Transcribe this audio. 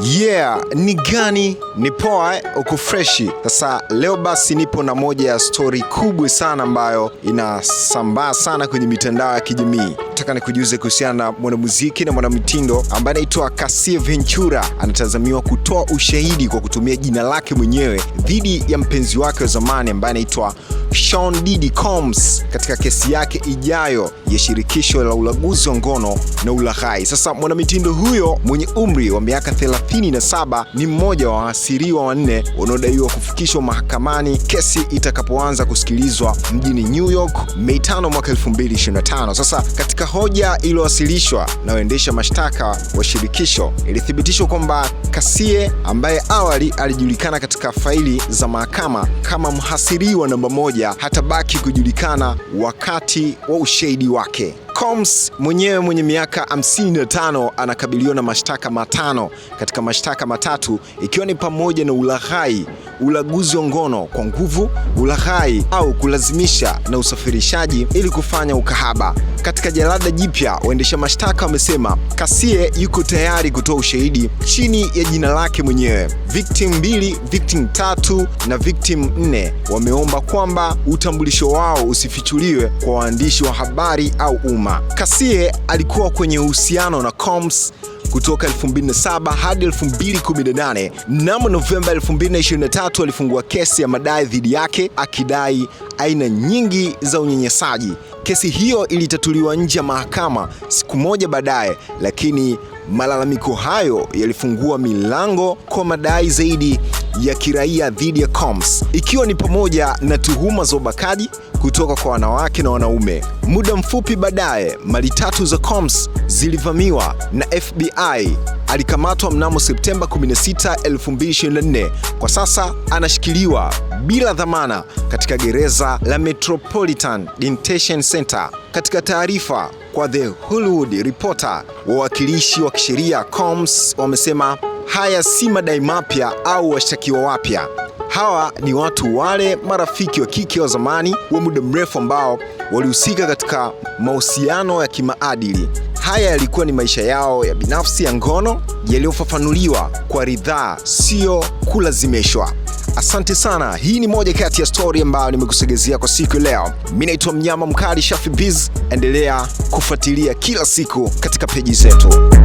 Yeah, ni gani ni poa, uko freshi. Sasa leo basi nipo na moja ya stori kubwa sana ambayo inasambaa sana kwenye mitandao ya kijamii. Nataka nikujuze kuhusiana na mwanamuziki na mwanamitindo ambaye anaitwa Cassie Ventura. Anatazamiwa kutoa ushahidi kwa kutumia jina lake mwenyewe dhidi ya mpenzi wake wa zamani ambaye anaitwa Sean Diddy Combs katika kesi yake ijayo ya shirikisho la ulaguzi wa ngono na ulaghai. Sasa mwanamitindo huyo mwenye umri wa miaka 37 ni mmoja wa waasiriwa wanne wanaodaiwa kufikishwa mahakamani kesi itakapoanza kusikilizwa mjini New York Mei 5 mwaka 2025. Sasa katika hoja iliyowasilishwa na waendesha mashtaka wa shirikisho ilithibitishwa kwamba Kasie ambaye awali alijulikana katika faili za mahakama kama mhasiriwa namba moja hatabaki kujulikana wakati wa ushahidi wake. Combs mwenyewe mwenye miaka 55 anakabiliwa na mashtaka matano katika mashtaka matatu ikiwa ni pamoja na ulaghai, ulaguzi wa ngono kwa nguvu, ulaghai au kulazimisha na usafirishaji ili kufanya ukahaba. Katika jalada jipya, waendesha mashtaka wamesema Kasie yuko tayari kutoa ushahidi chini ya jina lake mwenyewe. Victim 2, victim tatu na victim nne wameomba kwamba utambulisho wao usifichuliwe kwa waandishi wa habari au umma nyuma. Kasie alikuwa kwenye uhusiano na Combs kutoka 2007 hadi 2018. Mnamo Novemba 2023 alifungua kesi ya madai dhidi yake akidai aina nyingi za unyanyasaji Kesi hiyo ilitatuliwa nje ya mahakama siku moja baadaye, lakini malalamiko hayo yalifungua milango kwa madai zaidi ya kiraia dhidi ya Combs, ikiwa ni pamoja na tuhuma za ubakaji kutoka kwa wanawake na wanaume. Muda mfupi baadaye, mali tatu za Combs zilivamiwa na FBI. Alikamatwa mnamo Septemba 16, 2024. Kwa sasa anashikiliwa bila dhamana katika gereza la Metropolitan Detention Center. Katika taarifa kwa The Hollywood Reporter, wawakilishi wa kisheria Combs wamesema haya si madai mapya au washtakiwa wapya. Hawa ni watu wale marafiki wa kike wa zamani wa muda mrefu ambao walihusika katika mahusiano ya kimaadili. Haya yalikuwa ni maisha yao ya binafsi ya ngono yaliyofafanuliwa kwa ridhaa, sio kulazimishwa. Asante sana. Hii ni moja kati ya stori ambayo nimekusogezea kwa siku leo. Mi naitwa mnyama mkali Shafi Biz. Endelea kufuatilia kila siku katika peji zetu.